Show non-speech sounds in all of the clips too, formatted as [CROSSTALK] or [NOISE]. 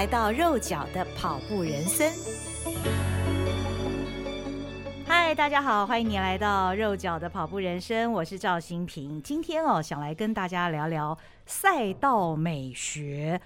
來到肉腳的跑步人蔘，嗨，大家好，歡迎你來到肉腳的跑步人蔘，我是趙心屏，今天哦想來跟大家聊聊賽道美學，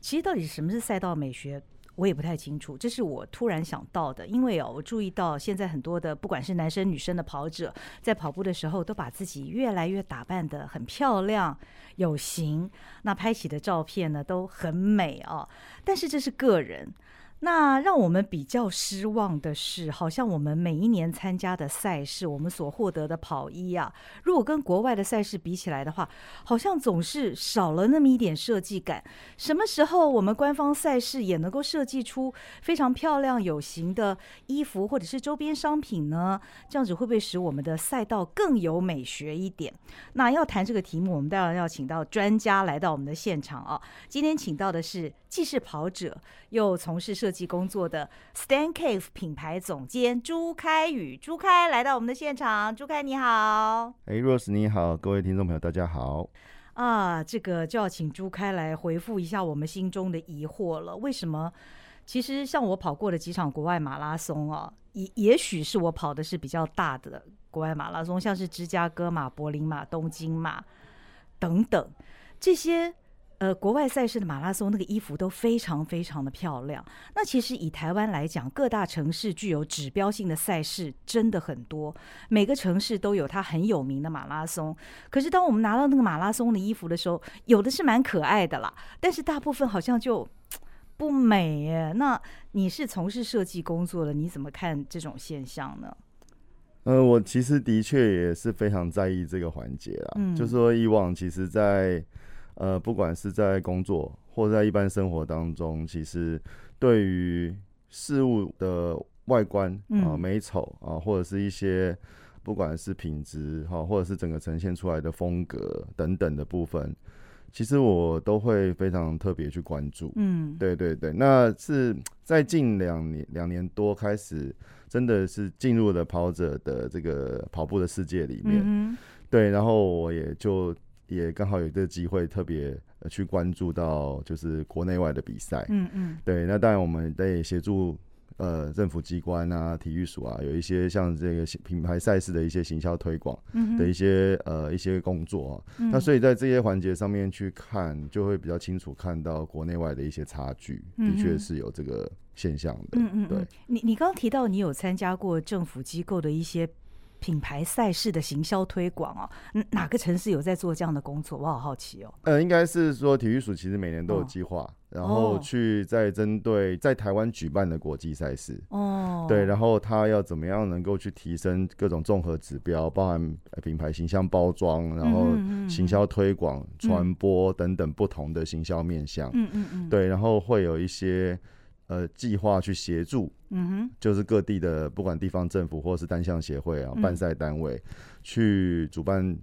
其實到底什麼是賽道美學？我也不太清楚，這是我突然想到的，因為哦，我注意到現在很多的不管是男生女生的跑者，在跑步的時候都把自己越來越打扮得很漂亮、有型，那拍起的照片呢都很美哦。但是這是個人。那讓我們比較失望的是，好像我們每一年參加的賽事，我們所獲得的跑衣啊，如果跟國外的賽事比起來的話，好像總是少了那麼一點設計感。什麼時候我們官方賽事也能夠設計出非常漂亮、有型的衣服，或者是周邊商品呢？這樣子會不會使我們的賽道更有美學一點？那要談這個題目，我們當然要請到專家來到我們的現場啊。今天請到的是。既是跑者，又從事設計工作的 STANCAVE 品牌總監朱開宇，朱開來到我們的現場。朱開，你好！Hey Rose，你好，各位聽眾朋友，大家好！啊，這個就要請朱開來回復一下我們心中的疑惑了。為什麼？其實像我跑過的幾場國外馬拉松啊，也也許是我跑的是比較大的國外馬拉松，像是芝加哥馬、柏林馬、東京馬等等這些。呃，國外賽事的馬拉松那個衣服都非常非常的漂亮。那其實以台灣來講，各大城市具有指標性的賽事真的很多，每個城市都有它很有名的馬拉松。可是當我們拿到那個馬拉松的衣服的時候，有的是蠻可愛的啦，但是大部分好像就不美耶、欸。那你是從事設計工作的，你怎麼看這種現象呢？呃，我其實的確也是非常在意這個環節啦。嗯，就說以往其實，在呃，不管是在工作或在一般生活當中，其實對於事物的外觀啊、美醜啊，或者是一些不管是品質哈，或者是整個呈現出來的風格等等的部分，其實我都會非常特別去關注。嗯，對對對，那是在近兩年兩年多開始，真的是進入了跑者的這個跑步的世界裡面。嗯，對，然後我也就。也剛好有這個機會，特別去關注到就是國內外的比賽。嗯，嗯嗯，對。那當然，我們得也協助呃政府機關啊、體育署啊，有一些像這個品牌賽事的一些行銷推廣的一些、嗯、哼呃一些工作啊。嗯、那所以在這些環節上面去看，就會比較清楚看到國內外的一些差距，嗯、哼的確是有這個現象的。嗯嗯哼，對你，你剛剛提到你有參加過政府機構的一些。品牌賽事的行銷推廣哦，哪個城市有在做這樣的工作？我好好奇哦。呃，應該是說體育署其實每年都有計劃，哦、然後去在針對在台灣舉辦的國際賽事哦，對，然後它要怎麼樣能夠去提升各種綜合指標，包含品牌形象包裝，然後行銷推廣、傳、嗯嗯嗯、播等等不同的行銷面向。嗯嗯嗯，對，然後會有一些。呃，計劃去協助，嗯、哼就是各地的，不管地方政府或是單項協會啊，嗯、辦賽單位去主辦。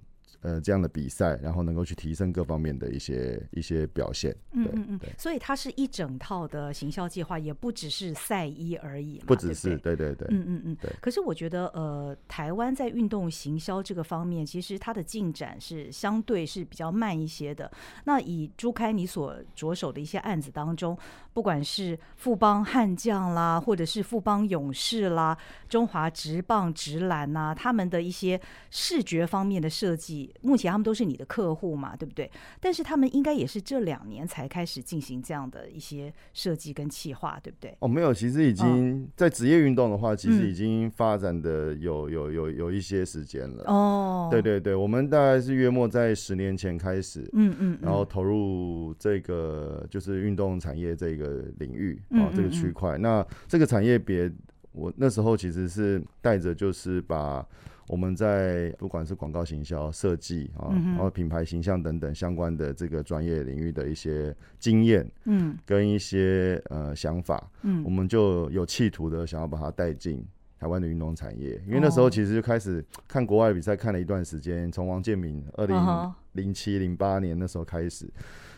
呃，這樣的比賽，然後能夠去提升各方面的一些一些表現。嗯嗯嗯，對所以它是一整套的行銷計劃，也不只是賽衣而已，不只是，對對，對對對。嗯嗯嗯。對。可是我覺得，呃，台灣在運動行銷這個方面，其實它的進展是相對是比較慢一些的。那以朱開你所着手的一些案子當中，不管是富邦悍將啦，或者是富邦勇士啦，中華職棒職籃吶、啊，他們的一些視覺方面的設計。目前他們都是你的客戶嘛，對不對？但是他們應該也是這兩年才開始進行這樣的一些設計跟企劃，對不對？哦，沒有，其實已經在職業運動的話，哦、其實已經發展的有有有有一些時間了。哦，對對對，我們大概是約莫在十年前開始，嗯嗯，嗯然後投入這個就是運動產業這個領域、嗯、啊、嗯、這個區塊。嗯、那這個產業別我那時候其實是帶着就是把。我們在不管是廣告行銷、設計啊，然後品牌形象等等相關的這個專業領域的一些經驗，嗯，跟一些呃想法，嗯，我們就有企圖的想要把它帶進台灣的運動產業，因為那時候其實就開始看國外比賽看了一段時間，從王建民二零零七零八年那時候開始。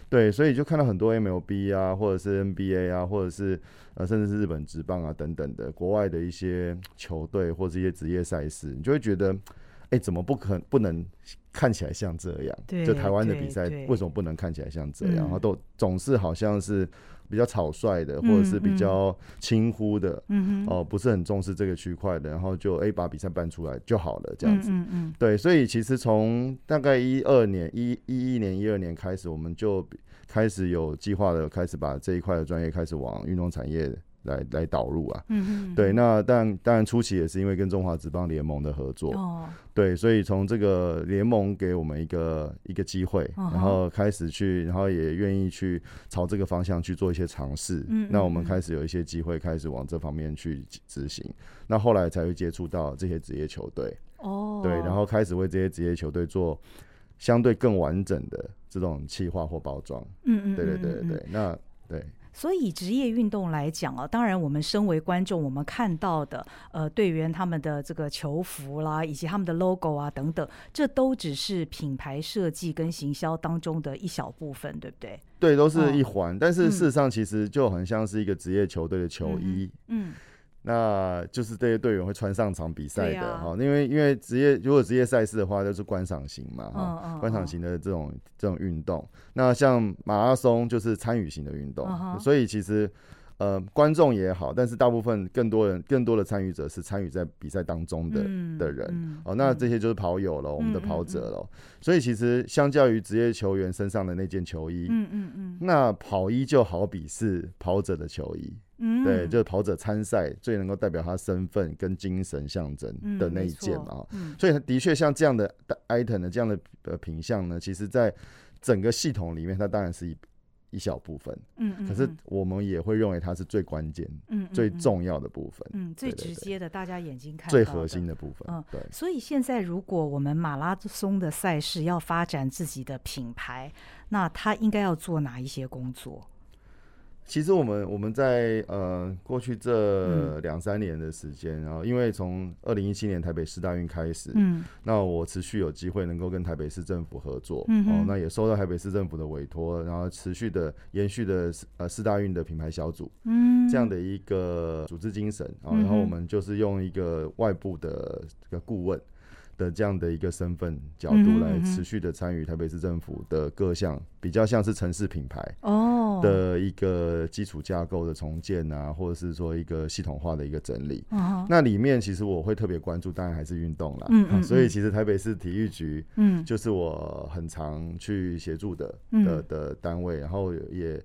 對，所以就看到很多 MLB 啊，或者是 NBA 啊，或者是呃，甚至是日本職棒啊等等的國外的一些球隊或者是一些職業賽事，你就會覺得，哎、欸，怎麼不可不能看起來像這樣？對就台灣的比賽為什麼不能看起來像這樣？然後都總是好像是。比較草率的，或者是比較輕忽的，哦、嗯嗯呃，不是很重視這個區塊的，然後就誒、欸、把比賽辦出來就好了，這樣子。嗯嗯嗯、對，所以其實從大概一二年一一一年一二年開始，我們就開始有計劃的開始把這一塊的專業開始往運動產業的。來來導入啊，嗯嗯哼，對，那但當然初期也是因為跟中華職棒聯盟的合作，哦，對，所以從這個聯盟給我們一個一個機會，哦、哈然後開始去，然後也願意去朝這個方向去做一些嘗試，嗯，嗯，嗯，嗯，那我們開始有一些機會開始往這方面去執行，嗯嗯嗯，那後來才會接觸到這些職業球隊，哦，對，然後開始為這些職業球隊做相對更完整的這種企劃或包裝，嗯嗯，嗯嗯，對對對對對，那對。所以職業運動來講啊，當然我們身為觀眾，我們看到的呃隊員他們的這個球服啦，以及他們的 logo 啊等等，這都只是品牌設計跟行銷當中的一小部分，對不對？對，都是一環。呃、但是事實上，其實就很像是一個職業球隊的球衣，嗯。嗯那就是這些隊員會穿上場比賽的哈、啊，因為因為職業如果職業賽事的話，就是觀賞型嘛，oh, oh, oh. 觀賞型的這種這種運動。那像馬拉松就是參與型的運動，oh, oh. 所以其實。呃，觀眾也好，但是大部分更多人、更多的參與者是參與在比賽當中的的人。嗯嗯、哦，那這些就是跑友了，嗯、我們的跑者了。嗯嗯嗯、所以其實相較於職業球員身上的那件球衣，嗯嗯嗯，嗯嗯那跑衣就好比是跑者的球衣，嗯、對，就是跑者參賽最能夠代表他身份跟精神象徵的那一件啊、哦。嗯嗯、所以他的確像這樣的 item 的這樣的呃品項呢，其實在整個系統裡面，它當然是。一。一小部分，嗯，嗯，嗯，可是我們也會認為它是最關鍵、嗯嗯嗯最重要的部分，嗯最直接的，對對對大家眼睛看到最核心的部分，嗯對嗯。所以現在，如果我們馬拉松的賽事要發展自己的品牌，那它應該要做哪一些工作？其實我們我們在呃過去這兩三年的時間，然後因為從二零一七年台北世大運開始，嗯，那我持續有機會能夠跟台北市政府合作，嗯哼，哦，那也受到台北市政府的委托，然後持續的延續的呃世大運的品牌小組，嗯哼，這樣的一個組織精神，哦，然後我們就是用一個外部的這個顧問。的這樣的一個身份角度來持續的參與台北市政府的各項比較像是城市品牌哦的一個基礎架構的重建啊，或者是說一個系統化的一個整理。那裡面其實我會特別關注，當然還是運動啦啊。所以其實台北市體育局，嗯，就是我很常去協助的的的的單位。然後也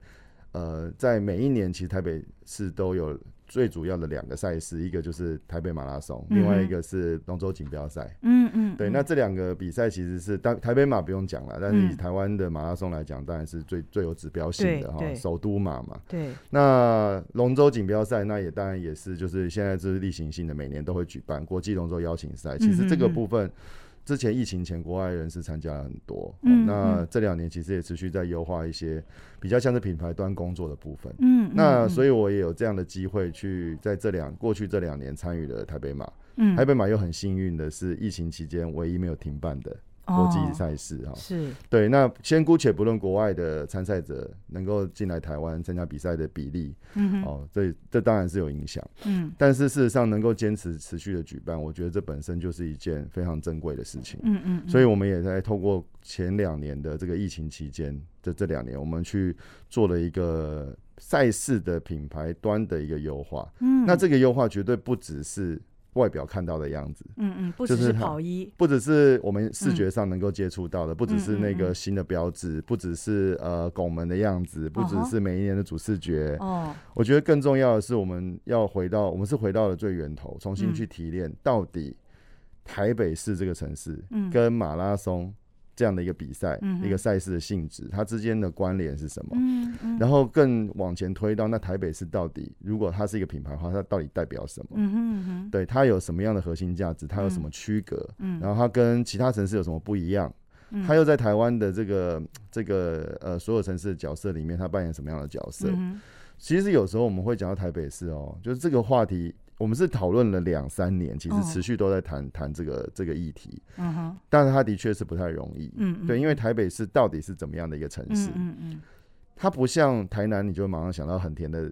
呃，在每一年其實台北市都有。最主要的兩個賽事，一個就是台北馬拉松，嗯嗯，另外一個是龍舟錦標賽。嗯嗯，嗯，對，那這兩個比賽其實是台台北馬不用講了，但是以台灣的馬拉松來講，當然是最最有指標性的。對，哈，首都馬嘛。對，那龍舟錦標賽那也當然也是就是現在就是例行性的，每年都會舉辦國際龍舟邀請賽。其實這個部分。嗯嗯嗯之前疫情前，國外人士參加了很多。嗯嗯哦、那這兩年其實也持續在優化一些比較像是品牌端工作的部分。嗯，嗯，嗯，那所以我也有這樣的機會去在這兩過去這兩年參與了台北馬。嗯，台北馬又很幸運的是，疫情期間唯一沒有停辦的國際賽事哈、哦、是對，那先姑且不論國外的參賽者能夠進來台灣參加比賽的比例，嗯、哼哦，這這當然是有影響，嗯，但是事實上能夠堅持持續的舉辦，我覺得這本身就是一件非常珍貴的事情，嗯，嗯嗯，所以我們也在透過前兩年的這個疫情期間的這兩年，我們去做了一個賽事的品牌端的一個優化，嗯、那這個優化絕對不只是。外表看到的樣子，嗯嗯，不只是跑衣，不只是我們視覺上能夠接觸到的，嗯、不只是那個新的標誌，不只是呃拱門的樣子，不只是每一年的主視覺。哦，哦，我覺得更重要的是，我們要回到，我們是回到了最源頭，重新去提煉到底台北市這個城市跟馬拉松。這樣的一個比賽，一個賽事的性質，嗯、哼它之間的關聯是什麼？嗯嗯、然後更往前推到那台北市到底，如果它是一個品牌的話，它到底代表什麼？嗯嗯、對它有什麼樣的核心價值？它有什麼區隔？嗯、然後它跟其他城市有什麼不一樣？嗯、它又在台灣的這個這個呃所有城市的角色裡面，它扮演什麼樣的角色？嗯、哼其實有時候我們會講到台北市哦，就是這個話題。我們是討論了兩三年，其實持續都在談談、oh. 這個這個議題，uh huh. 但是它的確是不太容易。嗯、uh huh. 對，因為台北市到底是怎麼樣的一個城市？嗯嗯、uh huh. 它不像台南，你就馬上想到很甜的。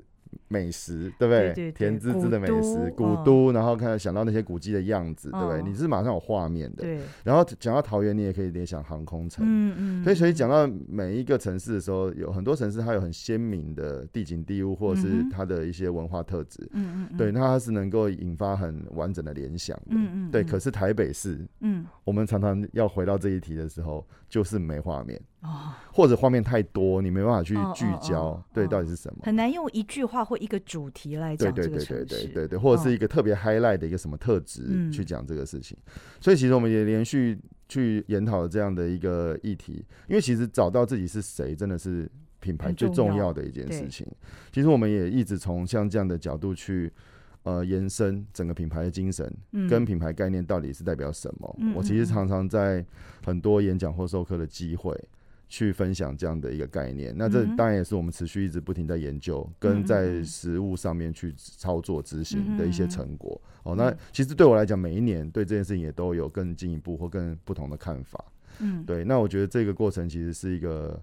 美食對不對？對對對，甜滋滋的美食，古都，然後看到、想到那些古蹟的樣子，哦、對不對？你是馬上有畫面的。哦、對。然後講到桃園，你也可以聯想航空城。嗯嗯。嗯所以，所以講到每一個城市的時候，有很多城市它有很鮮明的地景、地物，或者是它的一些文化特質。嗯對，那它是能夠引發很完整的聯想的。嗯嗯、對，可是台北市，嗯，我們常常要回到這一題的時候，就是沒畫面。哦，或者畫面太多，你沒辦法去聚焦，哦哦哦，對，到底是什麼？很難用一句話或一個主題來講這個事情，對對對對對對對，哦、或者是一個特別 highlight 的一個什麼特質去講這個事情。嗯、所以其實我們也連續去研討這樣的一個議題，嗯、因為其實找到自己是誰，真的是品牌最重要的一件事情。其實我們也一直從像這樣的角度去呃延伸整個品牌的精神，嗯、跟品牌概念到底是代表什麼。嗯、我其實常常在很多演講或授課的機會。去分享這樣的一個概念，那這當然也是我們持續一直不停在研究，嗯、哼跟在實務上面去操作執行的一些成果。嗯、哼哦，那其實對我來講，每一年對這件事情也都有更進一步或更不同的看法。嗯，對，那我覺得這個過程其實是一個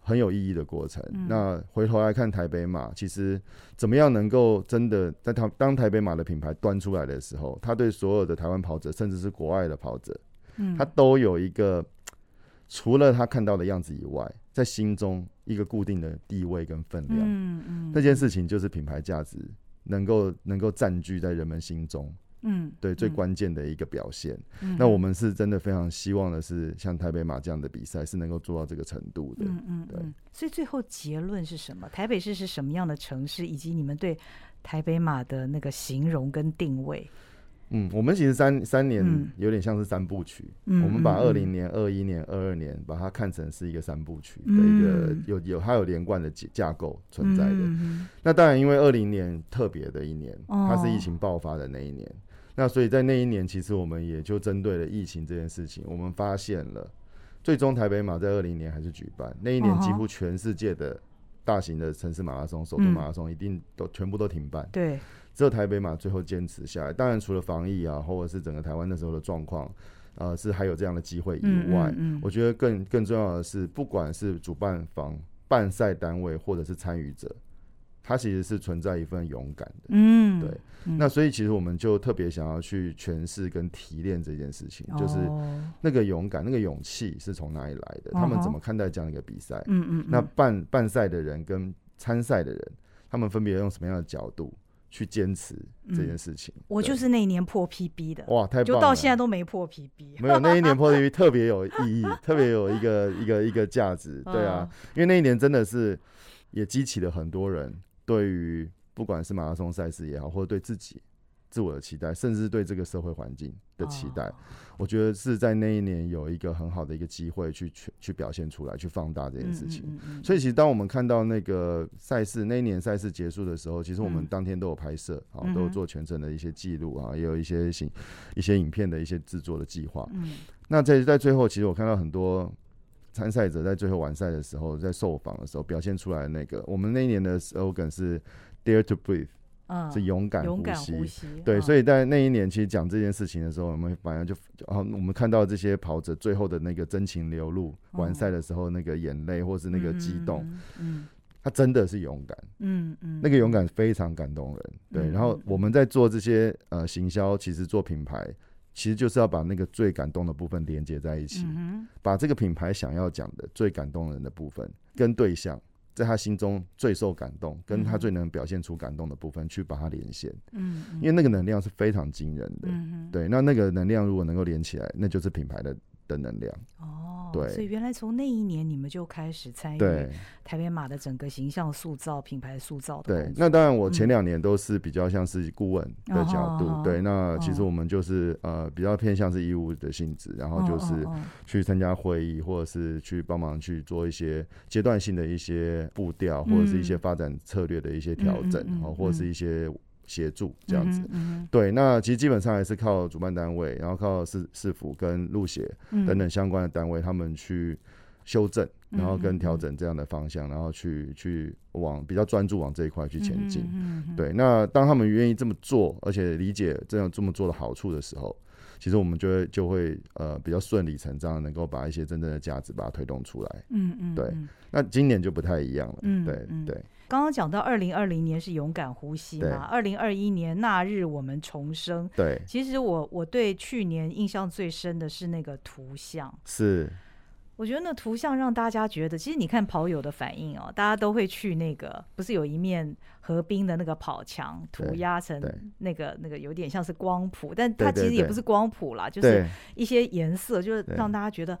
很有意義的過程。嗯、那回頭來看台北馬，其實怎麼樣能夠真的在台當台北馬的品牌端出來的時候，他對所有的台灣跑者，甚至是國外的跑者，嗯，他都有一個。除了他看到的樣子以外，在心中一個固定的地位跟分量。嗯嗯，嗯，那件事情就是品牌價值能夠能夠佔據在人們心中，嗯，對，嗯，最關鍵的一個表現。嗯，那我們是真的非常希望的是，像台北馬這樣的比賽是能夠做到這個程度的，嗯，對。嗯，所以最後結論是什麼？台北市是什麼樣的城市，以及你們對台北馬的那個形容跟定位？嗯，我們其實三三年有點像是三部曲，嗯、我們把二零年、二一、嗯、年、二二年把它看成是一個三部曲的一個有、嗯、有它有，有連貫的架構存在的。嗯、那當然，因為二零年特別的一年，它是疫情爆發的那一年。哦、那所以在那一年，其實我們也就針對了疫情這件事情，我們發現了最終台北馬在二零年還是舉辦那一年，幾乎全世界的大型的城市馬拉松、哦、哈首都馬拉松一定都全部都停辦。嗯、對。只有台北馬最後堅持下來。當然，除了防疫啊，或者是整個台灣那時候的狀況，呃，是還有這樣的機會以外，嗯嗯嗯，我覺得更更重要的是，不管是主辦方、辦賽單位，或者是參與者，他其實是存在一份勇敢的。嗯，對。那所以，其實我們就特別想要去詮釋跟提煉這件事情，嗯、就是那個勇敢、那個勇氣是從哪裡來的？哦、他們怎麼看待這樣一個比賽？嗯，嗯嗯。那辦辦賽的人跟參賽的人，他們分別用什麼樣的角度？去堅持這件事情，嗯、對我就是那一年破 PB 的哇，太棒了！就到現在都沒破 PB， [LAUGHS] 沒有那一年破 PB 特別有意義， [LAUGHS] 特別有一個， [LAUGHS] 一個一個一個價值，對啊，嗯、因為那一年真的是也激起了很多人對於不管是馬拉松賽事也好，或者對自己。自我的期待，甚至是對這個社會環境的期待，Oh. 我覺得是在那一年有一個很好的一個機會去去去表現出來，去放大這件事情。Mm hmm. 所以，其實當我們看到那個賽事那一年賽事結束的時候，其實我們當天都有拍攝、mm hmm. 啊，都有做全程的一些記錄啊，也有一些行一些影片的一些制作的計劃。Mm hmm. 那在在最後，其實我看到很多參賽者在最後完賽的時候，在受訪的時候表現出來那個，我們那一年的 slogan 是 “Dare to breathe”。嗯、是勇敢呼吸，嗯、勇敢呼吸對，所以在那一年，其實講這件事情的時候，嗯、我們反而就、啊、我們看到這些跑者最後的那個真情流露，嗯、完賽的時候那個眼淚或是那個激動，他、嗯嗯、真的是勇敢，嗯嗯，嗯那個勇敢非常感動人，嗯、對，然後我們在做這些呃行銷，其實做品牌，其實就是要把那個最感動的部分連接在一起，嗯、哼把這個品牌想要講的最感動人的部分跟對象。在他心中最受感動，跟他最能表現出感動的部分，去把它連線。嗯，因為那個能量是非常驚人的。嗯，對，那那個能量如果能夠連起來，那就是品牌的。的能量哦，oh, 對，所以原來從那一年你們就開始參與台北馬的整個形象塑造、對品牌塑造對，那當然我前兩年都是比較像是顧問的角度，嗯、對，哦哦哦哦那其實我們就是、哦、呃比較偏向是義務的性質，然後就是去參加會議，哦哦哦或者是去幫忙去做一些階段性的一些步調，或者是一些發展策略的一些調整啊，或是一些。協助這樣子，對，那其實基本上還是靠主辦單位，然後靠市市府跟路協等等相關的單位，他們去修正，然後跟調整這樣的方向，然後去去往比較專注往這一塊去前進。對，那當他們願意這麼做，而且理解這樣這麼做的好處的時候，其實我們就會就會呃比較順理成章，能夠把一些真正的價值把它推動出來。嗯嗯，對。那今年就不太一樣了。對對。剛剛講到二零二零年是勇敢呼吸嘛，二零二一年那日我們重生。對，其實我我對去年印象最深的是那個圖像。是，我覺得那圖像讓大家覺得，其實你看跑友的反應哦，大家都會去那個，不是有一面河濱的那個跑牆塗鴉成那個對那個有點像是光譜，但它其實也不是光譜啦，對對對，就是一些顏色，就是讓大家覺得。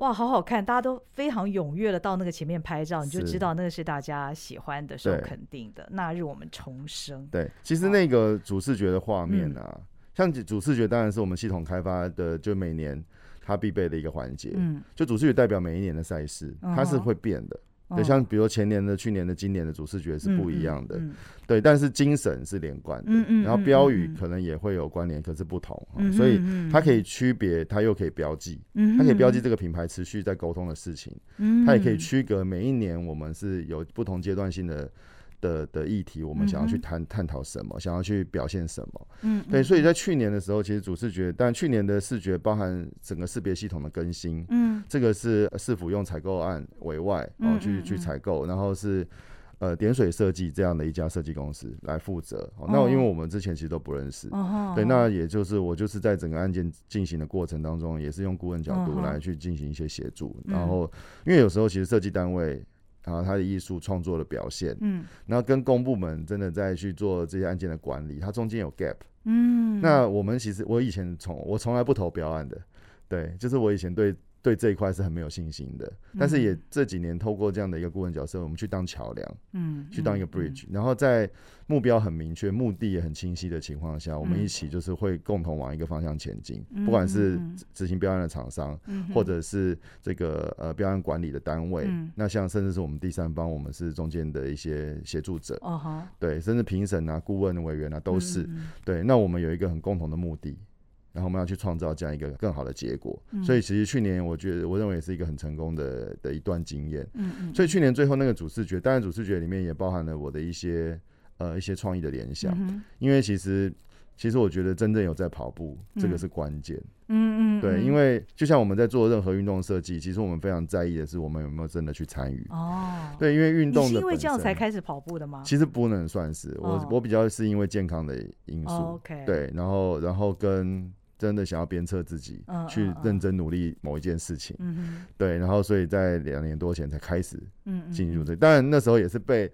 哇，好好看！大家都非常踴躍的到那個前面拍照，是你就知道那個是大家喜歡的、受肯定的。對那日我們重生。對，其實那個主視覺的畫面啊，嗯、像主視覺當然是我們系統開發的，就每年它必備的一個環節。嗯，就主視覺代表每一年的賽事，它是會變的。嗯對，像比如前年的，哦，去年的，今年的主視覺是不一樣的，嗯嗯嗯對，但是精神是連貫的，嗯嗯嗯嗯嗯然後標語可能也會有關聯，可是不同，啊、嗯嗯嗯嗯所以它可以區別，它又可以標記，它可以標記這個品牌持續在溝通的事情，嗯嗯嗯它也可以區隔每一年我們是有不同階段性的。的的議題，我們想要去探探討什麼，想要去表現什麼，嗯，對，所以在去年的時候，其實主視覺，但去年的視覺包含整個識別系統的更新，嗯，這個是市府用採購案委外，然後去去採購，然後是呃點水設計這樣的一家設計公司來負責，喔。那因為我們之前其實都不認識，對，那也就是我就是在整個案件進行的過程當中，也是用顧問角度來去進行一些協助。然後，因為有時候其實設計單位。然後他的藝術創作的表現，嗯，然後跟公部門真的在去做這些案件的管理，它中間有 gap，嗯，那我們其實我以前從我從來不投標案的，對，就是我以前對。對這一塊是很沒有信心的，但是也這幾年透過這樣的一個顧問角色，嗯、我們去當橋樑，嗯，去當一個 bridge，嗯、嗯、然後在目標很明確、目的也很清晰的情況下，嗯、我們一起就是會共同往一個方向前進。嗯、不管是執行標案的廠商，嗯、或者是這個呃標案管理的單位，嗯、那像甚至是我們第三方，我們是中間的一些協助者，哦哈，對，甚至評審啊、顧問委員啊都是，嗯、對，那我們有一個很共同的目的。然後我們要去創造這樣一個更好的結果，嗯、所以其實去年我覺得我認為也是一個很成功的的一段經驗。嗯，嗯，所以去年最後那個主視覺，當然主視覺裡面也包含了我的一些呃一些創意的聯想，嗯、哼因為其實其實我覺得真正有在跑步、嗯、這個是關鍵。嗯嗯，嗯嗯，對，因為就像我們在做任何運動設計，其實我們非常在意的是我們有沒有真的去參與。哦，對，因為運動是因為這樣才開始跑步的嗎？其實不能算是、哦、我，我比較是因為健康的因素。哦 okay、對，然後然後跟。真的想要鞭策自己去認真努力某一件事情，對，然後所以在兩年多前才開始進入這，但那時候也是被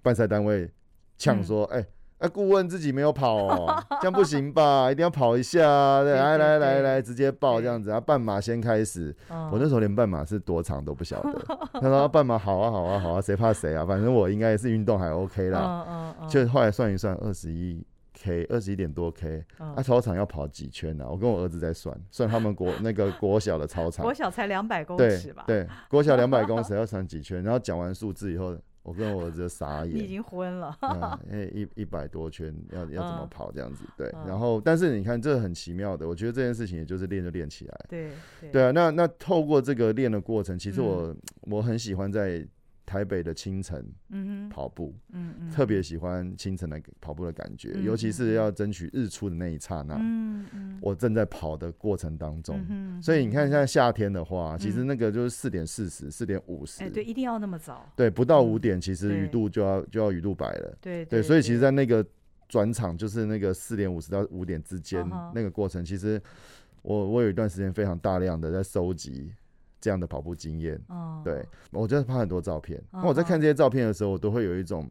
辦賽單位嗆說：“哎顧問自己沒有跑哦，這樣不行吧？一定要跑一下，對，來來來來，直接報這樣子啊，半馬先開始。”我那時候連半馬是多長都不曉得，他說：“半馬好啊好啊好啊，誰怕誰啊？反正我應該是運動還 OK 啦。”就後來算一算，二十一。k 二十一點多 k，那操場要跑幾圈呢、啊？我跟我兒子在算，算他們國那個國小的操場，國小才兩百公尺吧？對，國小兩百公尺要長幾圈？ [LAUGHS] 然後講完數字以後，我跟我兒子傻眼，已經昏了，因為、嗯欸、一一百多圈要要怎麼跑這樣子？嗯、對，然後但是你看這很奇妙的，我覺得這件事情也就是練就練起來，對，對，對啊。那那透過這個練的過程，其實我、嗯、我很喜歡在。台北的清晨嗯，嗯嗯，跑步，嗯，特別喜歡清晨的跑步的感覺，嗯、哼尤其是要爭取日出的那一剎那。嗯，嗯我正在跑的過程當中，嗯、哼所以你看，現在夏天的話，嗯、其實那個就是四點四十、四點五十，哎，對，一定要那麼早。對，不到五點，其實魚肚就要、嗯、就要魚肚白了。對對，對，對，所以其實，在那個轉場，就是那個四點五十到五點之間、啊、哈那個過程，其實我我有一段時間非常大量的在收集。這樣的跑步經驗，uh, 對，我就是拍很多照片。那、uh huh, 我在看這些照片的時候，我都會有一種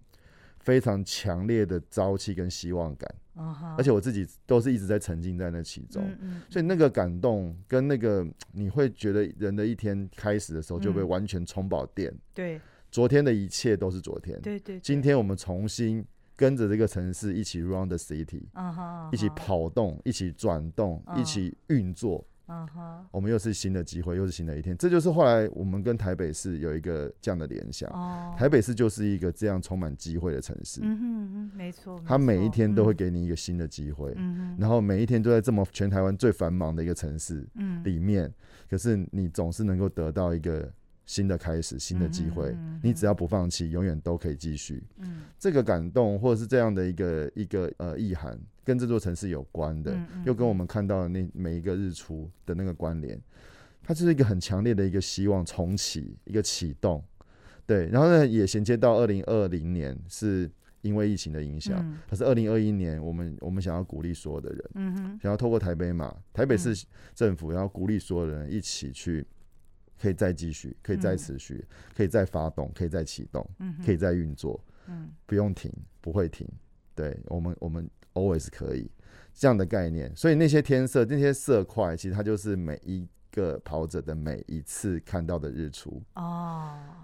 非常強烈的朝氣跟希望感。Uh、huh, 而且我自己都是一直在沉浸在那其中，uh、huh, 所以那個感動跟那個，你會覺得人的一天開始的時候就被完全充飽電。Uh、huh, 昨天的一切都是昨天。對對、uh。Huh, 今天我們重新跟着這個城市一起 run the city，、uh huh, uh、huh, 一起跑動，uh、huh, 一起轉動，uh、huh, 一起運作。Uh huh. 我們又是新的機會，又是新的一天，這就是後來我們跟台北市有一個這樣的聯想。哦、uh，huh. 台北市就是一個這樣充滿機會的城市。嗯，沒錯。它、huh. 每一天都會給你一個新的機會。嗯、uh huh. 然後每一天都在這麼全台灣最繁忙的一個城市裡面，uh huh. 可是你總是能夠得到一個新的開始，新的機會。Uh huh. 你只要不放棄，永遠都可以繼續。嗯、uh。Huh. 這個感動，或者是這樣的一個一個呃意涵。跟這座城市有關的，又跟我們看到的那每一個日出的那個關聯，它就是一個很強烈的一個希望重啟，一個啟動，對，然後呢也銜接到二零二零年，是因為疫情的影響，可是二零二一年我們我們想要鼓勵所有的人，嗯，想要透過台北嘛，台北市政府，然後鼓勵所有的人一起去，可以再繼續，可以再持續，可以再發動，可以再啟動，嗯，可以再運作，不用停，不會停。對，我們我們 always 可以這樣的概念，所以那些天色、那些色塊，其實它就是每一個跑者的每一次看到的日出哦。Oh.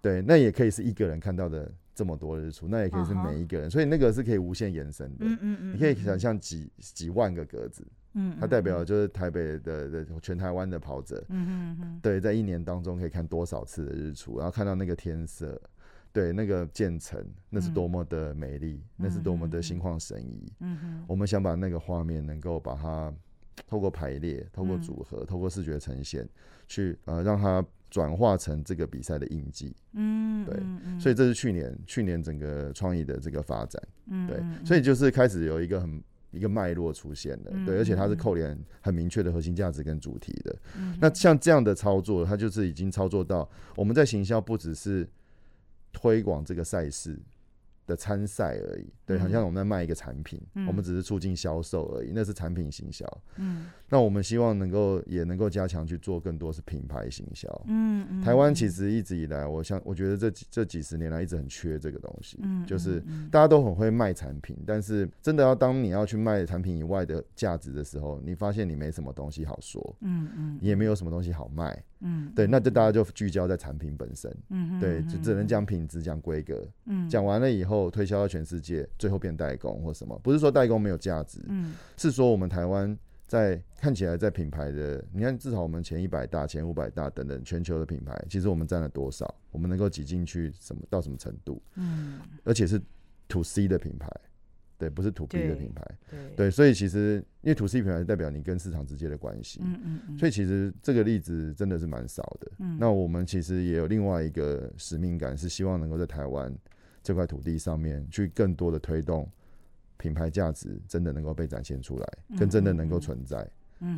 對，那也可以是一個人看到的這麼多日出，那也可以是每一個人，uh huh. 所以那個是可以無限延伸的。嗯嗯、uh huh. 你可以想象幾幾萬個格子，嗯、uh，huh. 它代表就是台北的的全台灣的跑者，嗯嗯嗯，huh. 對，在一年當中可以看多少次的日出，然後看到那個天色。對，那個建成，那是多麼的美麗，嗯、那是多麼的心曠神怡，嗯。嗯，我們想把那個畫面能夠把它透過排列、透過組合、嗯、透過視覺呈現，去呃讓它轉化成這個比賽的印記。嗯，嗯對，所以這是去年去年整個創意的這個發展。嗯、對，所以就是開始有一個很一個脈絡出現了。嗯、對，而且它是扣連很明確的核心價值跟主題的。嗯、那像這樣的操作，它就是已經操作到我們在行銷不只是。推廣這個賽事的參賽而已，對，嗯、很像我們在賣一個產品，我們只是促進銷售而已，那是產品行銷，嗯。嗯那我們希望能夠也能夠加強去做更多是品牌行銷、嗯。嗯嗯。台灣其實一直以來，我想我覺得這幾這幾十年來一直很缺這個東西。嗯。嗯，就是大家都很會賣產品，但是真的要當你要去賣產品以外的價值的時候，你發現你沒什麼東西好說。嗯嗯。嗯，你也沒有什麼東西好賣。嗯。對，那就大家就聚焦在產品本身。嗯嗯。嗯，對，就只能講品質、講規格。嗯。講完了以後，推銷到全世界，最後變代工或什麼？不是說代工沒有價值。嗯。是說我們台灣。在看起來，在品牌的你看，至少我們前一百大、前五百大等等，全球的品牌，其實我們占了多少？我們能夠擠進去什麼到什麼程度？嗯，而且是 To C 的品牌，對，不是 To B 的品牌，對，所以其實因為 To C 品牌代表你跟市場之間的關係，嗯嗯，所以其實這個例子真的是蠻少的。那我們其實也有另外一個使命感，是希望能夠在台灣這塊土地上面去更多的推動。品牌價值真的能夠被展現出來，跟真的能夠存在，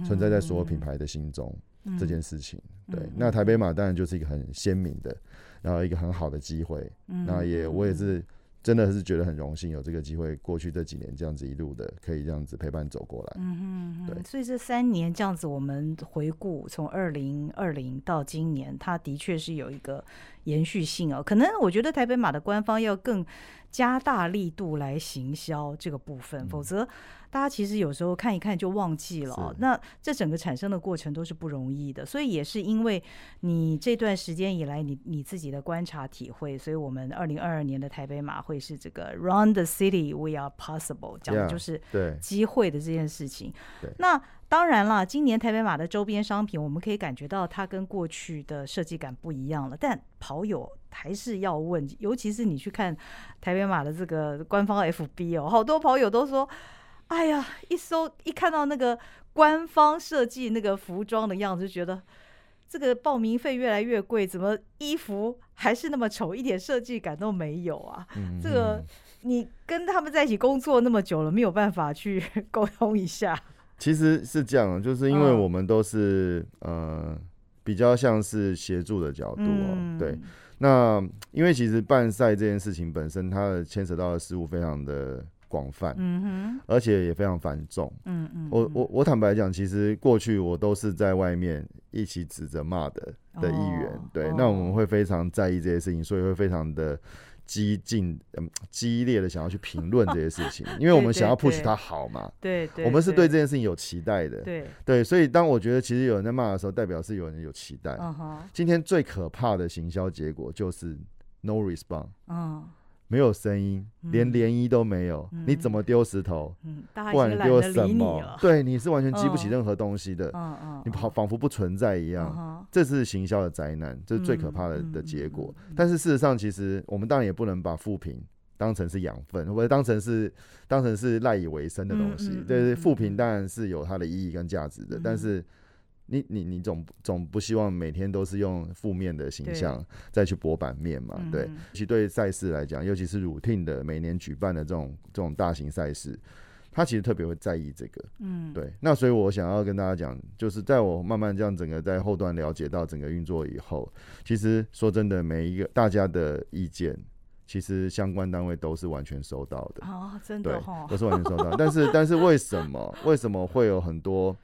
存在在所有品牌的心中這件事情，對。那台北馬當然就是一個很鮮明的，然後一個很好的機會。那也我也是真的是覺得很榮幸，有這個機會，過去這幾年這樣子一路的，可以這樣子陪伴走過來。嗯哼嗯嗯。對，所以這三年這樣子，我們回顧從二零二零到今年，它的確是有一個延續性哦。可能我覺得台北馬的官方要更。加大力度來行銷這個部分，嗯、否則大家其實有時候看一看就忘記了。是那這整個產生的過程都是不容易的，所以也是因為你這段時間以來你你自己的觀察體會，所以我們二零二二年的台北馬會是這個 “Run the City We Are Possible”，講的就是對機會的這件事情。嗯、對那。當然啦，今年台北馬的周邊商品，我們可以感覺到它跟過去的設計感不一樣了。但跑友還是要問，尤其是你去看台北馬的這個官方 FB 哦，好多跑友都說：“哎呀，一搜一看到那個官方設計那個服裝的樣子，就覺得這個報名費越來越貴，怎麼衣服還是那麼醜，一點設計感都沒有啊？”嗯嗯，這個你跟他們在一起工作那麼久了，沒有辦法去溝通一下。其實是這樣，就是因為我們都是、嗯、呃比較像是協助的角度、喔嗯、對。那因為其實辦賽這件事情本身，它的牽扯到的事物非常的廣泛，嗯哼而且也非常繁重，嗯，嗯我我我坦白講，其實過去我都是在外面一起指着罵的的一員，哦、對。哦、那我們會非常在意這些事情，所以會非常的。激進、呃、激烈的想要去評論這些事情， [LAUGHS] 對因為我們想要 push 他好嘛。對，對，對，對對對，我們是對這件事情有期待的。對對，對，對，對，所以當我覺得其實有人在罵的時候，代表是有人有期待。嗯哼。今天最可怕的行銷結果就是 no response。嗯。沒有聲音，連漣漪都沒有，嗯、你怎麼丟石頭？嗯、不管丟什麼，嗯、你對你是完全激不起任何東西的。哦哦哦、你跑仿佛不存在一樣。哦、哈這是行銷的災難，這是最可怕的、嗯、的結果。嗯、但是事實上，其實我們當然也不能把負評當成是養分，或者當成是當成是賴以為生的東西。嗯嗯、就是負評當然是有它的意義跟價值的，嗯、但是你你你總總不希望每天都是用負面的形象再去搏版面嘛？對，嗯、對，其實對賽事來講，尤其是 routine 的每年舉辦的這種這種大型賽事，他其實特別會在意這個。嗯，對。那所以我想要跟大家講，就是在我慢慢這樣整個在後端了解到整個運作以後，其實說真的，每一個大家的意見，其實相關單位都是完全收到的。哦，真的、哦、對，都是完全收到。 [LAUGHS] 但是但是為什麼為什麼會有很多？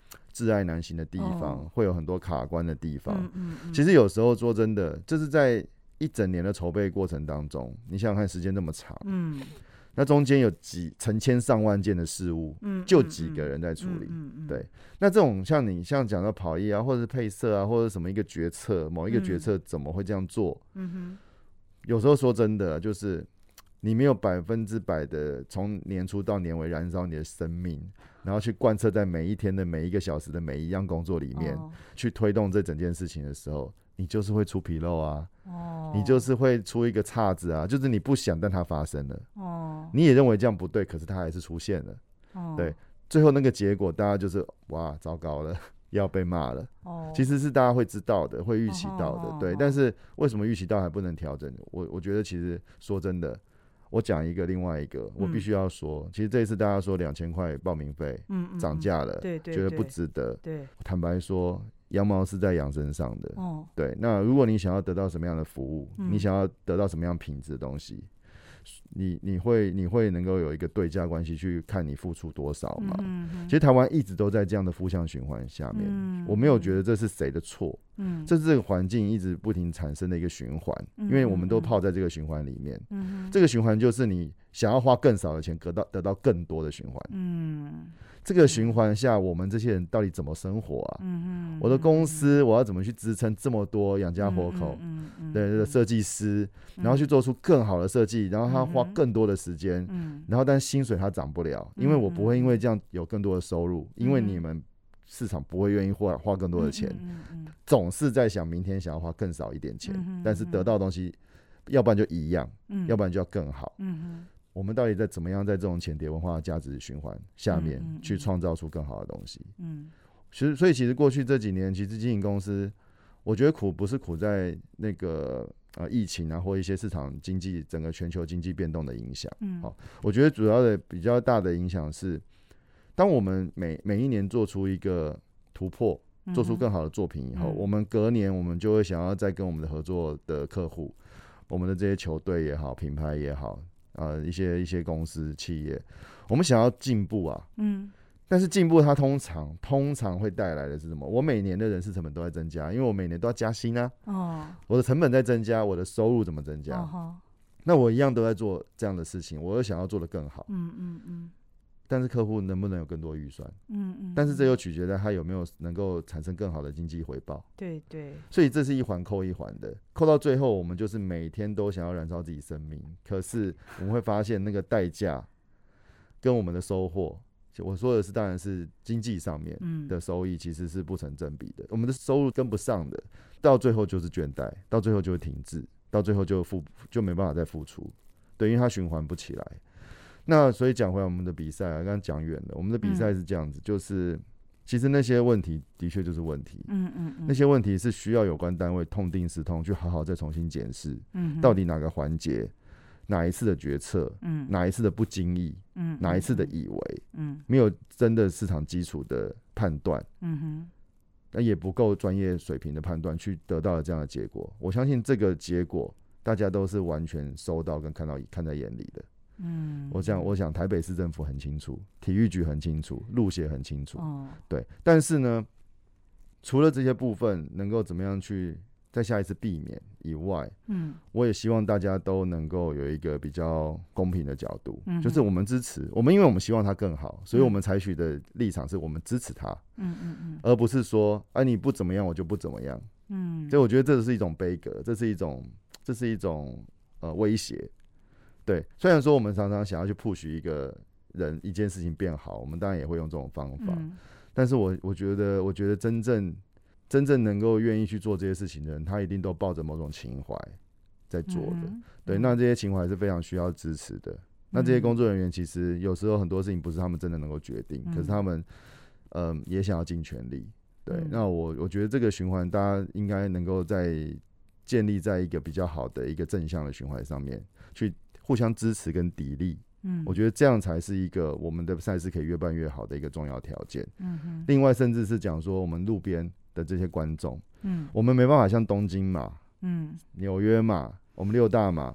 摯愛難行的地方，哦、會有很多卡關的地方。嗯嗯嗯、其實有時候說真的，這、就是在一整年的籌備過程當中，你想想看，時間那麼長，嗯，那中間有幾成千上萬件的事物，嗯、就幾個人在處理。嗯嗯嗯嗯嗯、對，那這種像你像講到跑衣啊，或者是配色啊，或者是什麼一個決策，某一個決策怎麼會這樣做？嗯、有時候說真的，就是你沒有百分之百的從年初到年尾燃燒你的生命。然後去貫徹在每一天的每一個小時的每一樣工作裡面，oh. 去推動這整件事情的時候，你就是會出紕漏啊，哦，oh. 你就是會出一個岔子啊，就是你不想，但它發生了，哦，oh. 你也認為這樣不對，可是它還是出現了，哦，oh. 對，最後那個結果大家就是哇，糟糕了，要被罵了，哦，oh. 其實是大家會知道的，會預期到的，對，oh. Oh. 但是為什麼預期到還不能調整？我我覺得其實說真的。我講一個，另外一個，我必須要說，嗯、其實這一次大家說兩千塊報名費，漲價、嗯、了，覺得、嗯、不值得，對對對，坦白說，羊毛是在羊身上的，哦、對，那如果你想要得到什麼樣的服務，嗯、你想要得到什麼樣品質的東西。你你會你會能夠有一個對價關係去看你付出多少嘛。嗯、哼其實台灣一直都在這樣的負向循環下面，嗯、哼我沒有覺得這是誰的錯，嗯哼，這是這個環境一直不停產生的一個循環，嗯、哼因為我們都泡在這個循環裡面，嗯哼，這個循環就是你想要花更少的錢得到得到更多的循環，嗯哼。嗯這個循環下，我們這些人到底怎麼生活啊？嗯嗯，我的公司我要怎麼去支撐這麼多養家活口的設計師，然後去做出更好的設計，然後他花更多的時間，嗯，然後但薪水他漲不了，因為我不會因為這樣有更多的收入，因為你們市場不會願意花花更多的錢，總是在想明天想要花更少一點錢，但是得到的東西，要不然就一樣，要不然就要更好，我們到底在怎麼樣在這種淺碟文化的價值循環下面去創造出更好的東西？嗯，其、嗯、實所,所以其實過去這幾年，其實經營公司，我覺得苦不是苦在那個、呃、疫情啊，或一些市場經濟整個全球經濟變動的影響。嗯，好、哦，我覺得主要的比較大的影響是，當我們每每一年做出一個突破，做出更好的作品以後，嗯嗯、我們隔年我們就會想要再跟我們的合作的客戶，我們的這些球隊也好，品牌也好。呃，一些一些公司企業，我們想要進步啊，嗯，但是進步它通常通常會帶來的是什麼？我每年的人事成本都在增加，因為我每年都要加薪啊，哦，我的成本在增加，我的收入怎麼增加？哦、哈那我一樣都在做這樣的事情，我又想要做得更好，嗯嗯嗯。嗯嗯但是客戶能不能有更多預算？嗯，嗯嗯。但是這又取決於他有沒有能夠產生更好的經濟回報。對，對對。所以這是一環扣一環的，扣到最後，我們就是每天都想要燃燒自己生命，可是我們會發現那個代價跟我們的收穫，我說的是當然是經濟上面的收益，其實是不成正比的。嗯、我們的收入跟不上的，到最後就是倦怠，到最後就會停滯，到最後就付就沒辦法再付出，等於它循環不起來。那所以講回來，我們的比賽啊，剛剛講遠了。我們的比賽是這樣子，嗯、就是其實那些問題的確就是問題，嗯嗯，嗯嗯，那些問題是需要有關單位痛定思痛，去好好再重新檢視，嗯嗯、到底哪個環節，哪一次的決策，嗯，哪一次的不經意，嗯，嗯，哪一次的以為，嗯，嗯，沒有真的市場基礎的判斷，嗯，嗯哼，那也不夠專業水平的判斷，去得到了這樣的結果。我相信這個結果，大家都是完全收到跟看到，看在眼裡的。嗯，我想，我想台北市政府很清楚，體育局很清楚，路協很清楚，哦、對。但是呢，除了這些部分能夠怎麼樣去在下一次避免以外，嗯，我也希望大家都能夠有一個比較公平的角度，嗯、哼就是我們支持我們，因為我們希望它更好，所以我們採取的立場是我們支持它，嗯嗯，嗯而不是說，哎、啊、你不怎麼樣，我就不怎麼樣，嗯，所以我覺得這是一種杯葛，這是一種，這是一種呃威脅。對，雖然說我們常常想要去 push 一個人一件事情變好，我們當然也會用這種方法。但是我我覺得，我覺得真正真正能夠願意去做這些事情的人，他一定都抱着某種情懷在做的。對，那這些情懷是非常需要支持的。那這些工作人員其實有時候很多事情不是他們真的能夠決定，可是他們嗯、呃、也想要盡全力。對，那我我覺得這個循環大家應該能夠再建立在一個比較好的一個正向的循環上面去。互相支持跟砥礪，嗯，我覺得這樣才是一個我們的賽事可以越辦越好的一個重要條件。嗯哼，另外甚至是講說我們路邊的這些觀眾，嗯，我們沒辦法像東京馬，嗯，紐約馬，我們六大馬，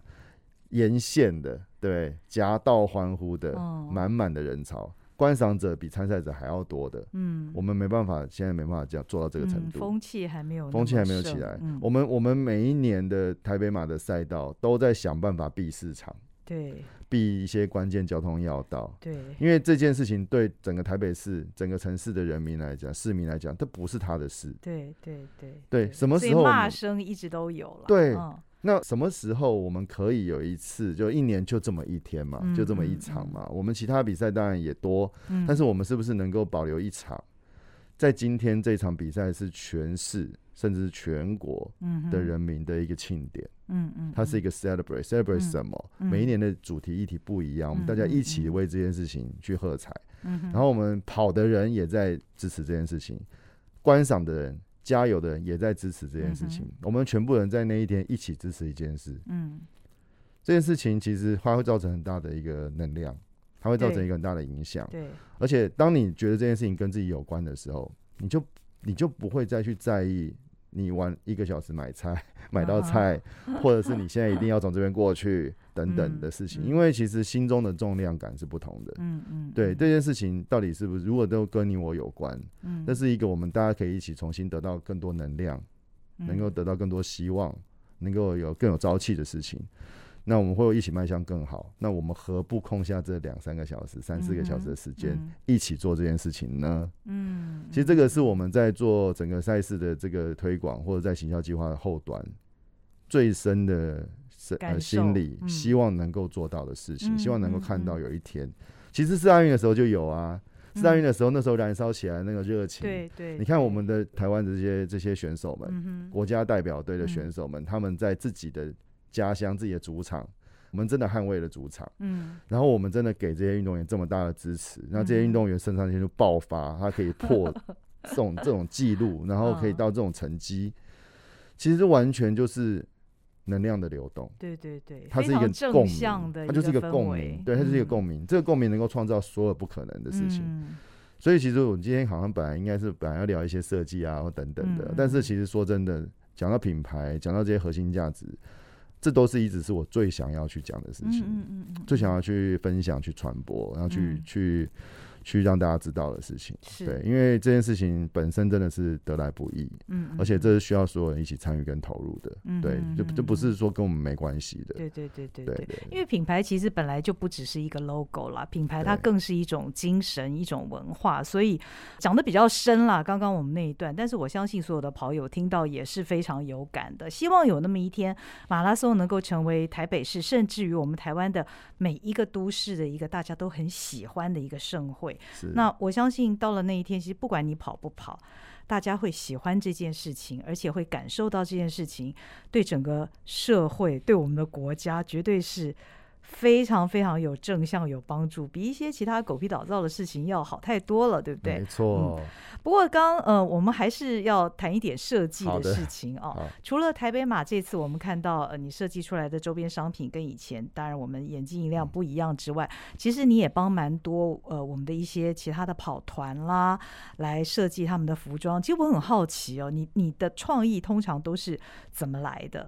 沿線的對，夾道歡呼的，滿滿、哦、的人潮，觀賞者比參賽者還要多的。嗯，我們沒辦法，現在沒辦法這樣做到這個程度。嗯、風氣還沒有，風氣還沒有起來。嗯、我們我們每一年的台北馬的賽道都在想辦法避市場，對，避一些關鍵交通要道，對，因為這件事情對整個台北市，整個城市的人民來講，市民來講，這不是他的事，對對對對，對，對，什麼時候罵聲一直都有了，對。嗯那什麼時候我們可以有一次？就一年就這麼一天嘛，就這麼一場嘛。我們其他比賽當然也多，但是我們是不是能夠保留一場？在今天這場比賽是全市，甚至是全國的人民的一個慶典。嗯嗯，它是一個 celebrate，celebrate 什麼？每一年的主題議題不一樣，我們大家一起為這件事情去喝彩。然後我們跑的人也在支持這件事情，觀賞的人。加油的人也在支持這件事情。嗯、哼我們全部人在那一天一起支持一件事。嗯，這件事情其實它會造成很大的一個能量，它會造成一個很大的影響。對。而且當你覺得這件事情跟自己有關的時候，你就你就不會再去在意。你玩一個小時買菜，買到菜，或者是你現在一定要從這邊過去， [LAUGHS] 等等的事情，因為其實心中的重量感是不同的。嗯嗯，嗯，對，嗯，這件事情到底是不是如果都跟你我有關，嗯，這是一個我們大家可以一起重新得到更多能量，嗯、能夠得到更多希望，嗯、能夠有更有朝氣的事情。那我們會一起邁向更好。那我們何不空下這兩三個小時，三四個小時的時間，一起做這件事情呢？嗯，嗯嗯嗯其實這個是我們在做整個賽事的這個推廣，或者在行銷計劃的後端最深的呃受心理，嗯、希望能夠做到的事情，嗯、希望能夠看到有一天。嗯嗯、其實世大運的時候就有啊，世大運的時候，那時候燃燒起來那個熱情。對、嗯、對，對你看我們的台灣這些這些選手們，嗯、國家代表隊的選手們，嗯、他們在自己的。家鄉自己的主場，我們真的捍衛了主場。嗯，然後我們真的給這些運動員這麼大的支持，那、嗯、這些運動員身上就爆發，他可以破這種 [LAUGHS] 這種記錄，然後可以到這種成績。哦、其實完全就是能量的流動。對對對，它是一個共鳴，的它就是一個共鳴，嗯、對，它就是一個共鳴。這個共鳴能夠創造所有不可能的事情。嗯、所以其實我們今天好像本來應該是本來要聊一些設計啊或等等的，嗯、但是其實說真的，講到品牌，講到這些核心價值。這都是一直是我最想要去講的事情，嗯嗯嗯，最想要去分享，去傳播，然後去、嗯、去。去讓大家知道的事情，是對，因為這件事情本身真的是得來不易，嗯，嗯，嗯，嗯，而且這是需要所有人一起參與跟投入的，嗯，嗯，嗯，嗯，嗯，嗯，對，就就不是說跟我們沒關係的，對對對對對對，對，對，對對對，因為品牌其實本來就不只是一個 logo 啦，品牌它更是一種精神，對一種文化，所以講的比較深啦，剛剛我們那一段，但是我相信所有的跑友聽到也是非常有感的，希望有那麼一天，馬拉松能夠成為台北市，甚至於我們台灣的每一個都市的一個大家都很喜歡的一個盛會。對是那我相信到了那一天，其實不管你跑不跑，大家會喜歡這件事情，而且會感受到這件事情對整個社會、對我們的國家，絕對是。非常非常有正向有幫助，比一些其他狗屁倒灶的事情要好太多了，對不對？沒錯、哦嗯。不過剛，剛呃，我們還是要談一點設計的事情啊。除了台北馬這次我們看到呃，你設計出來的周邊商品跟以前當然我們眼睛一亮不一樣之外，嗯、其實你也幫蠻多呃，我們的一些其他的跑團啦，來設計他們的服裝。其實我很好奇哦，你你的創意通常都是怎麼來的？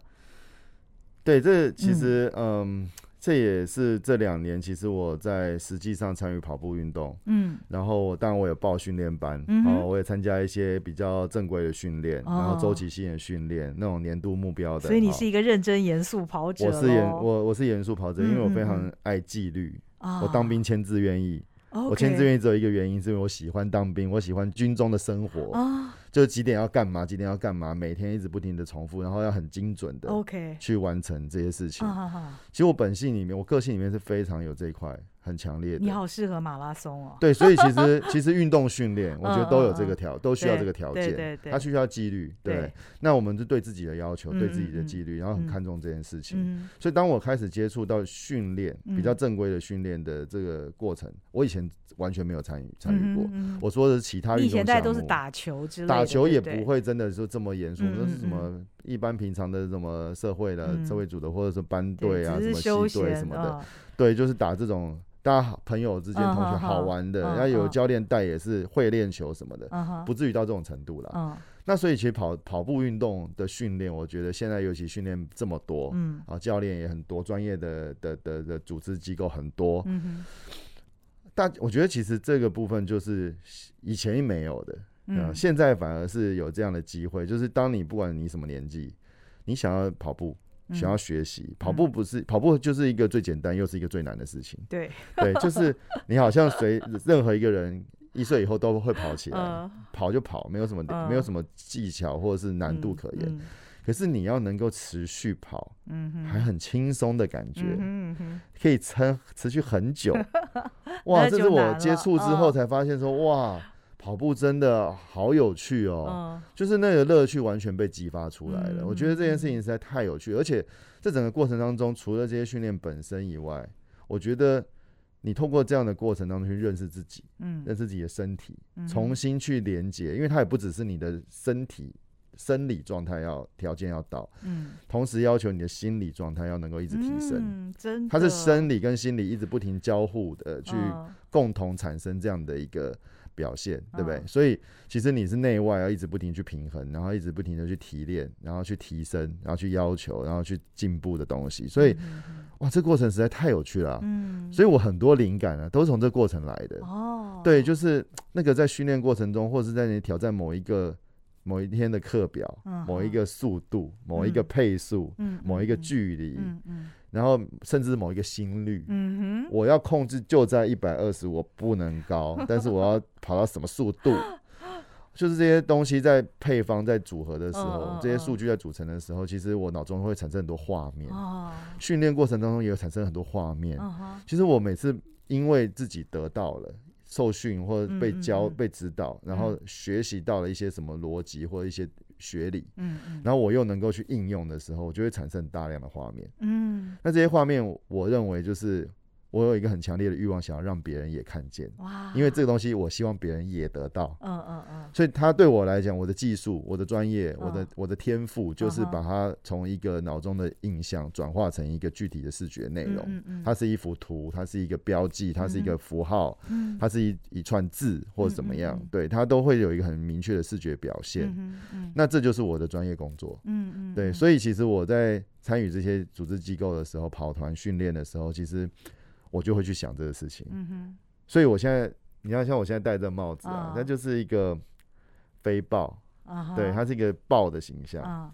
對，這其實嗯。呃這也是這兩年，其實我在實際上參與跑步運動。嗯，然後我當然我有報訓練班，然後、嗯、哼我也參加一些比較正規的訓練，哦、然後週期性的訓練，那種年度目標的。所以你是一個認真嚴肅跑者？好、哦我。我是嚴，我我是嚴肅跑者，嗯嗯因為我非常愛紀律。嗯、我當兵簽字願意。哦 Okay. 我簽志願役只有一個原因，是因為我喜歡當兵，我喜歡軍中的生活，oh. 就幾點要幹嘛，幾點要幹嘛，每天一直不停的重複，然後要很精準的 OK 去完成這些事情。Okay. Uh huh huh. 其實我本性裡面，我個性裡面是非常有這一塊。很強烈的，你好適合馬拉松哦。對，所以其實其實運動訓練，我覺得都有這個條，都需要這個條件，它需要紀律。對，那我們就對自己的要求，對自己的紀律，然後很看重這件事情。所以當我開始接觸到訓練，比較正規的訓練的這個過程，我以前完全沒有參與參與過。我說的是其他運動，在都是打球打球也不會真的是這麼嚴肅，那是什麼一般平常的什麼社會的、社會組的，或者是班隊啊、什麼系隊什麼的。對，就是打這種大家好朋友之間、同學好玩的，然、uh, uh, uh, 有教練帶也是會練球什麼的，uh, uh, uh, 不至於到這種程度啦。Uh, uh, uh, uh, 那所以其實跑跑步運動的訓練，我覺得現在尤其訓練這麼多，嗯、啊，教練也很多，專業的的的的組織機構很多。但、嗯、哼我覺得其實這個部分就是以前沒有的，嗯，現在反而是有這樣的機會，就是當你不管你什麼年紀，你想要跑步。想要學習、嗯、跑步不是跑步，就是一個最簡單又是一個最難的事情。對對，就是你好像隨任何一個人一歲以後都會跑起來，嗯、跑就跑，沒有什麼、嗯、沒有什麼技巧或者是難度可言。嗯嗯、可是你要能夠持續跑，嗯哼，還很輕鬆的感覺，嗯，嗯可以撐持續很久。嗯、哇，這是我接觸之後才發現說、嗯、哼哇。跑步真的好有趣哦，就是那個樂趣完全被激發出來了。我覺得這件事情實在太有趣，而且在整個過程當中，除了這些訓練本身以外，我覺得你通過這樣的過程當中去認識自己，嗯，認識自己的身體，重新去連接，因為它也不只是你的身體生理狀態要條件要到，嗯，同時要求你的心理狀態要能夠一直提升，它是生理跟心理一直不停交互的去共同產生這樣的一個。表現對不對？哦、所以其實你是內外要一直不停去平衡，然後一直不停的去提煉，然後去提升，然後去要求，然後去進步的東西。所以，哇，這過程實在太有趣了，啊。嗯，所以我很多靈感啊，都是從這過程來的。哦，對，就是那個在訓練過程中，或者是在你挑戰某一個。某一天的課表，某一個速度，某一個配速，某一個距離，然後甚至某一個心率，我要控制就在一百二十，我不能高，但是我要跑到什麼速度？就是這些東西在配方在組合的時候，這些數據在組成的時候，其實我腦中會產生很多畫面。訓練過程當中也有產生很多畫面。其實我每次因為自己得到了。受訓或者被教、被指導，然後學習到了一些什麼邏輯或者一些學理，嗯，然後我又能夠去應用的時候，我就會產生大量的畫面，嗯，那這些畫面，我認為就是。我有一個很強烈的欲望，想要讓別人也看見，哇！因為這個東西，我希望別人也得到，嗯嗯嗯。啊啊、所以，他對我來講，我的技術、我的專業、啊我的、我的我的天賦，就是把它從一個腦中的印象轉化成一個具體的視覺內容。嗯嗯嗯。它是一幅圖，它是一個標記，它是一個符號，嗯嗯。它是一一串字或者怎麼樣，嗯嗯嗯。對，它都會有一個很明確的視覺表現。嗯嗯嗯。那這就是我的專業工作。嗯嗯，嗯嗯。對，所以其實我在參與這些組織機構的時候、跑團訓練的時候，其實。我就會去想這個事情，嗯哼，所以我現在，你看，像我現在戴着帽子啊，那、啊、就是一個飛豹，啊、哈對，它是一個豹的形象，啊、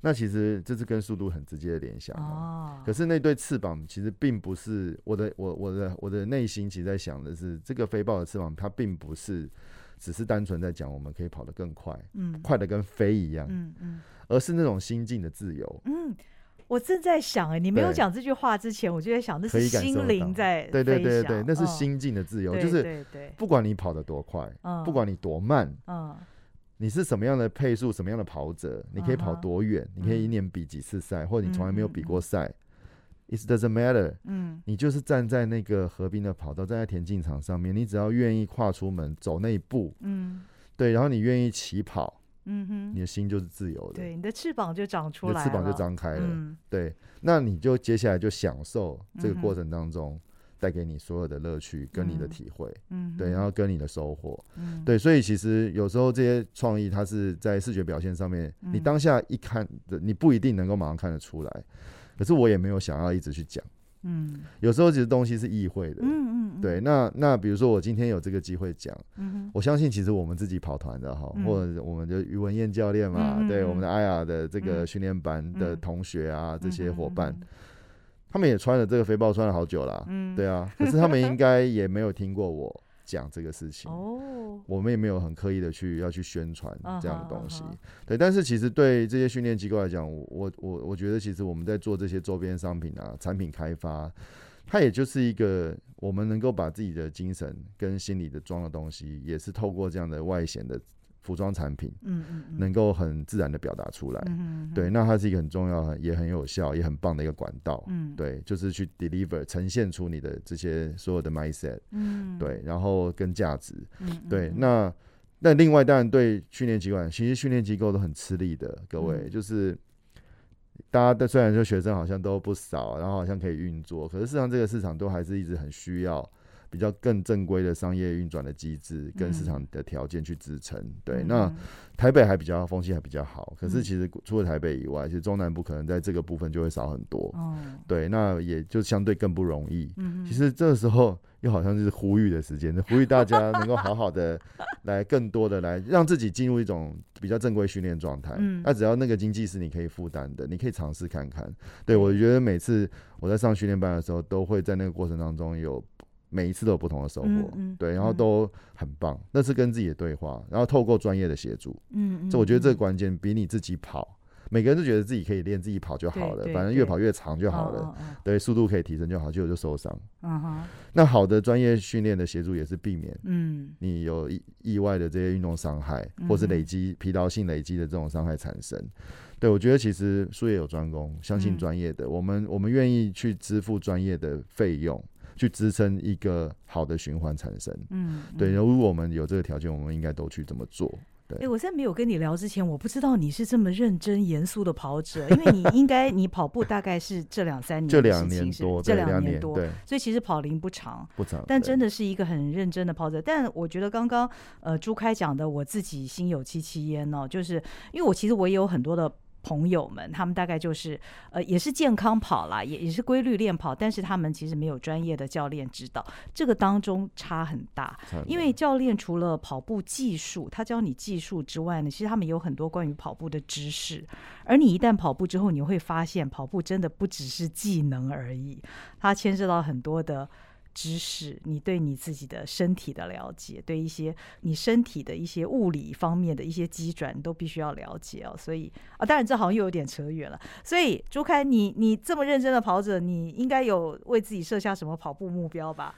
那其實這是跟速度很直接的聯想、啊啊、可是那對翅膀其實並不是我的，我我的我的內心其實在想的是，這個飛豹的翅膀它並不是只是單純在講我們可以跑得更快，嗯，快得跟飛一樣，嗯嗯，而是那種心境的自由，嗯。我正在想欸，你沒有講這句話之前，我就在想那是心靈在對對對對，那是心境的自由，就是不管你跑得多快，不管你多慢，你是什麼樣的配速，什麼樣的跑者，你可以跑多遠，你可以一年比幾次賽，或者你從來沒有比過賽，It doesn't matter。嗯，你就是站在那個河邊的跑道，站在田徑場上面，你只要願意跨出門，走那一步，嗯，對，然後你願意起跑。嗯哼，你的心就是自由的，對，你的翅膀就長出來了，你的翅膀就張開了，嗯、對，那你就接下來就享受這個過程當中帶給你所有的樂趣跟你的體會，嗯哼，對，然後跟你的收穫，嗯哼，對，所以其實有時候這些創意它是在視覺表現上面，你當下一看，你不一定能夠馬上看得出來，可是我也沒有想要一直去講。嗯，有時候其實東西是意會的，嗯,嗯嗯，對。那那比如說我今天有這個機會講，嗯、哼我相信其實我們自己跑團的哈，嗯、或者我們的於文豔教練嘛，嗯嗯嗯對我們的阿雅的這個訓練班的同學啊，嗯嗯嗯這些伙伴，嗯嗯嗯他們也穿了這個飛豹，穿了好久啦，嗯嗯對啊，可是他們應該也沒有聽過我。 [LAUGHS] 講這個事情，oh. 我們也沒有很刻意的去要去宣傳這樣的東西，uh huh, uh huh. 對。但是其實對這些訓練機構來講，我我我覺得其實我們在做這些周邊商品啊、產品開發，它也就是一個我們能夠把自己的精神跟心裡的裝的東西，也是透過這樣的外顯的服裝產品，嗯，能夠很自然的表達出來，嗯，嗯，對，那它是一個很重要、也很有效、也很棒的一個管道，嗯，對，就是去 deliver，呈現出你的這些所有的 mindset，嗯，對，然後跟價值，嗯，嗯，對，那那另外當然對訓練機關，其實訓練機構都很吃力的，各位，就是大家的雖然說學生好像都不少，然後好像可以運作，可是事實上這個市場都還是一直很需要比較更正規的商業運轉的機制跟市場的條件去支撐，嗯、對。那台北還比較風氣還比較好，嗯、可是其實除了台北以外，其實中南部可能在這個部分就會少很多。哦、對，那也就相對更不容易。嗯，其實這時候又好像就是呼籲的時間，嗯、呼籲大家能夠好好的來更多的來讓自己進入一種比較正規訓練狀態。嗯、那只要那個經濟是你可以負擔的，你可以嘗試看看。對，我覺得每次我在上訓練班的時候，都會在那個過程當中有。每一次都有不同的收穫，對，然後都很棒。那是跟自己的對話，然後透過專業的協助，嗯，這我覺得這個關鍵比你自己跑，每個人都覺得自己可以練，自己跑就好了，反正越跑越長就好了，對，速度可以提升就好，結果就受傷。嗯，那好的專業訓練的協助也是避免，嗯，你有意意外的這些運動傷害，或是累積疲勞性累積的這種傷害產生。對我覺得其實術業有專攻，相信專業的，我們我們願意去支付專業的費用。去支撐一個好的循環產生，嗯，對。如果我們有這個條件，我們應該都去這麼做。對。哎，我在沒有跟你聊之前，我不知道你是這麼認真嚴肅的跑者，因為你應該你跑步大概是這兩三年，這兩年多，這兩年多，對，所以其實跑齡不長，不長。但真的是一個很認真的跑者。但我覺得剛剛呃朱開講的，我自己心有戚戚焉哦，就是因為我其實我也有很多的。朋友們，他們大概就是呃，也是健康跑啦，也也是規律練跑，但是他們其實沒有專業的教練指導，這個當中差很大。很大，因為教練除了跑步技術，他教你技術之外呢，其實他們有很多關於跑步的知識。而你一旦跑步之後，你會發現跑步真的不只是技能而已，它牽涉到很多的。知識，你對你自己的身體的了解，對一些你身體的一些物理方面的一些機轉你都必須要了解哦。所以啊，當然這好像又有點扯遠了。所以朱開，你你這麼認真的跑者，你應該有為自己設下什麼跑步目標吧？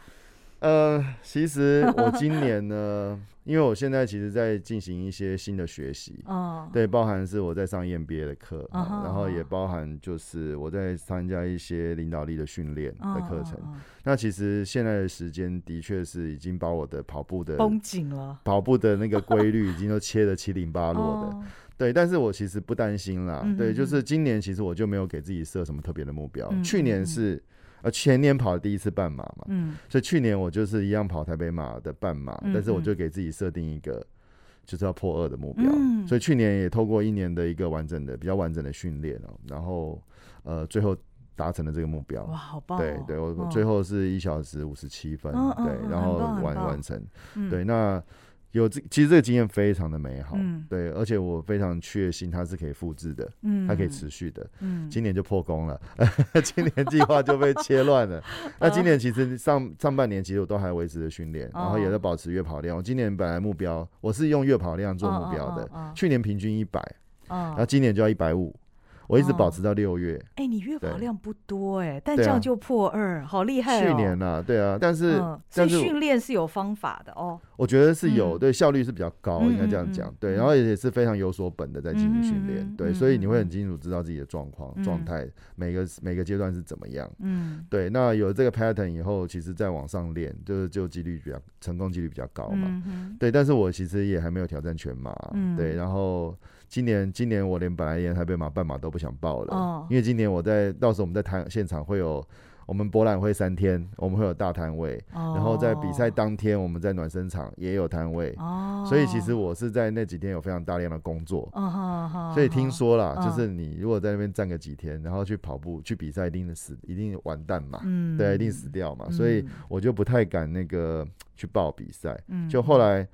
呃，其實我今年呢， [LAUGHS] 因為我現在其實在進行一些新的學習，哦， [LAUGHS] 對，包含是我在上 MBA 的課，uh huh. 然後也包含就是我在參加一些領導力的訓練的課程。Uh huh. 那其實現在的時間的確是已經把我的跑步的繃緊了，跑步的那個規律已經都切的七零八落的， [LAUGHS] [LAUGHS] 對。但是我其實不擔心啦， [LAUGHS] 對，就是今年其實我就沒有給自己設什麼特別的目標， [LAUGHS] 去年是。啊，前年跑的第一次半馬嘛，嗯、所以去年我就是一樣跑台北馬的半馬，嗯、但是我就給自己設定一個、嗯、就是要破二的目標，嗯、所以去年也透過一年的一個完整的比較完整的訓練哦，然後呃最後達成了這個目標。哇，好棒、哦對！對，對我最後是一小時五十七分，哦、對，嗯、然後完、嗯、完成，嗯、對，那。有這其實這個經驗非常的美好，嗯、對，而且我非常確信它是可以複製的，嗯、它可以持續的。嗯，今年就破功了，嗯、 [LAUGHS] 今年計劃就被切亂了。 [LAUGHS] 那今年其實上 [LAUGHS] 上半年其實我都還維持着訓練，哦、然後也在保持月跑量。我今年本來目標我是用月跑量做目標的，哦哦哦哦，去年平均一百、哦，然後今年就要一百五。我一直保持到六月，哎，你月跑量不多哎，但這樣就破二，好厲害！去年呢，對啊，但是所以訓練是有方法的哦。我覺得是有，對，效率是比較高，應該這樣講。對，然後也是非常有所本的在進行訓練，對，所以你會很清楚知道自己的狀況、狀態，每個每個階段是怎麼樣。嗯，對。那有了這個 pattern 以後，其實再往上練，就是就幾率比較，成功幾率比較高嘛。對，但是我其實也還沒有挑戰全馬。嗯，對，然後。今年，今年我連本來也台北馬、半馬都不想報了，oh. 因為今年我在到時候我們在攤現場會有我們博覽會三天，我們會有大攤位，oh. 然後在比賽當天我們在暖身場也有攤位，oh. 所以其實我是在那幾天有非常大量的工作，oh. Oh. Oh. Oh. 所以聽說啦，就是你如果在那邊站個幾天，oh. 然後去跑步去比賽，一定死，一定完蛋嘛，mm. 對，一定死掉嘛，mm. 所以我就不太敢那個去報比賽，mm. 就後來，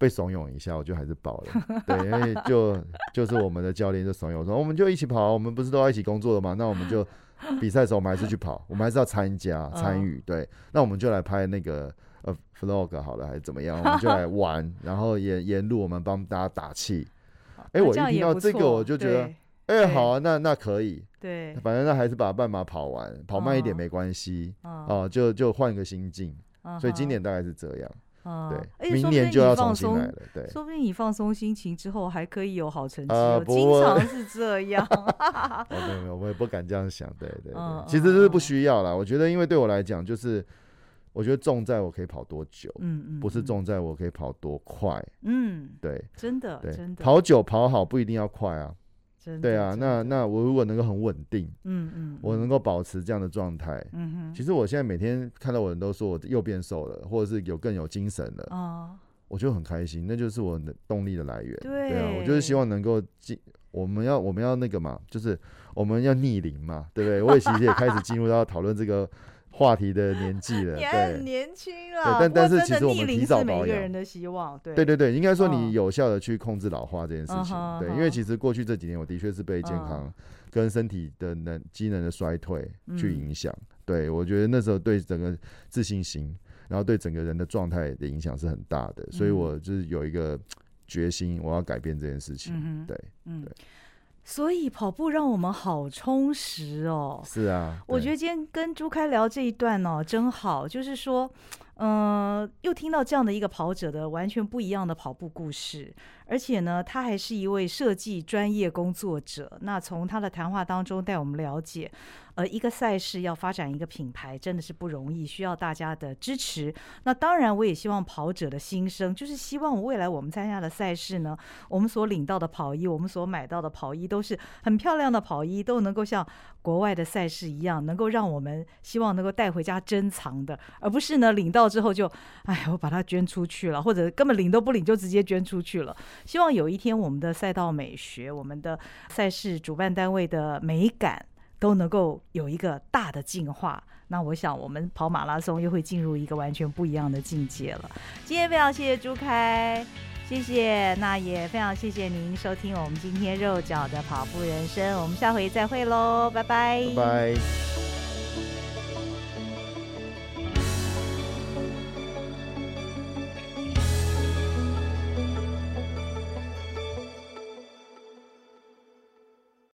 被慫恿一下，我就還是跑了， [LAUGHS] 對，因為就就是我們的教練就慫恿說，我們就一起跑，啊，我們不是都要一起工作的嘛？那我們就比賽的時候我們還是去跑，我們還是要參加參與，嗯、對，那我們就來拍那個呃、uh, vlog 好了，還是怎麼樣，我們就來玩， [LAUGHS] 然後沿沿路我們幫大家打氣。哎、 [LAUGHS] 欸，我一聽到這個我就覺得，哎、欸，好啊，那那可以，對，反正那還是把半馬跑完，跑慢一點沒關係，啊、嗯呃，就就換個心境，嗯、所以今年大概是這樣。啊，對，明年就要重新來了，對，說不定你放鬆心情之後還可以有好成績，經常是這樣。沒有沒有，我也不敢這樣想，對對對，其實是不需要啦。我覺得，因為對我來講，就是我覺得重在我可以跑多久，嗯嗯，不是重在我可以跑多快，嗯，對，真的真的，跑久跑好不一定要快啊。對啊，的那那我如果能夠很穩定，嗯嗯，嗯我能夠保持這樣的狀態，嗯哼其實我現在每天看到我人都說我又變瘦了，或者是有更有精神了，啊、哦，我就很開心，那就是我動力的來源，對，對啊，我就是希望能夠進，我們要我們要那個嘛，就是我們要逆齡嘛，對不對？我也其實也開始進入到討論這個。 [LAUGHS] 話題的年紀了， [LAUGHS] 輕了，對，年輕了，但但是其實我們提早是每一個人的希望，對，對對對，應該說你有效的去控制老化這件事情，對，因為其實過去這幾年我的確是被健康跟身體的能機能的衰退去影響，對，我覺得那時候對整個自信心，然後對整個人的狀態的影響是很大的，所以我就是有一個決心，我要改變這件事情，對，嗯。嗯所以跑步讓我們好充實哦。是啊，我覺得今天跟朱開聊這一段哦，真好。就是說，嗯、呃，又聽到這樣的一個跑者的完全不一樣的跑步故事，而且呢，他還是一位設計專業工作者。那從他的談話當中帶我們了解。而一個賽事要發展一個品牌，真的是不容易，需要大家的支持。那當然，我也希望跑者的心聲，就是希望未來我們參加的賽事呢，我們所領到的跑衣，我們所買到的跑衣，都是很漂亮的跑衣，都能夠像國外的賽事一樣，能夠讓我們希望能夠帶回家珍藏的，而不是呢領到之後就，哎，我把它捐出去了，或者根本領都不領就直接捐出去了。希望有一天我們的賽道美學，我們的賽事主辦單位的美感，都能夠有一個大的進化，那我想我們跑馬拉松又會進入一個完全不一樣的境界了。今天非常謝謝朱開，謝謝，那也非常謝謝您收聽我們今天肉腳的跑步人蔘，我們下回再會嘍，拜拜，拜拜。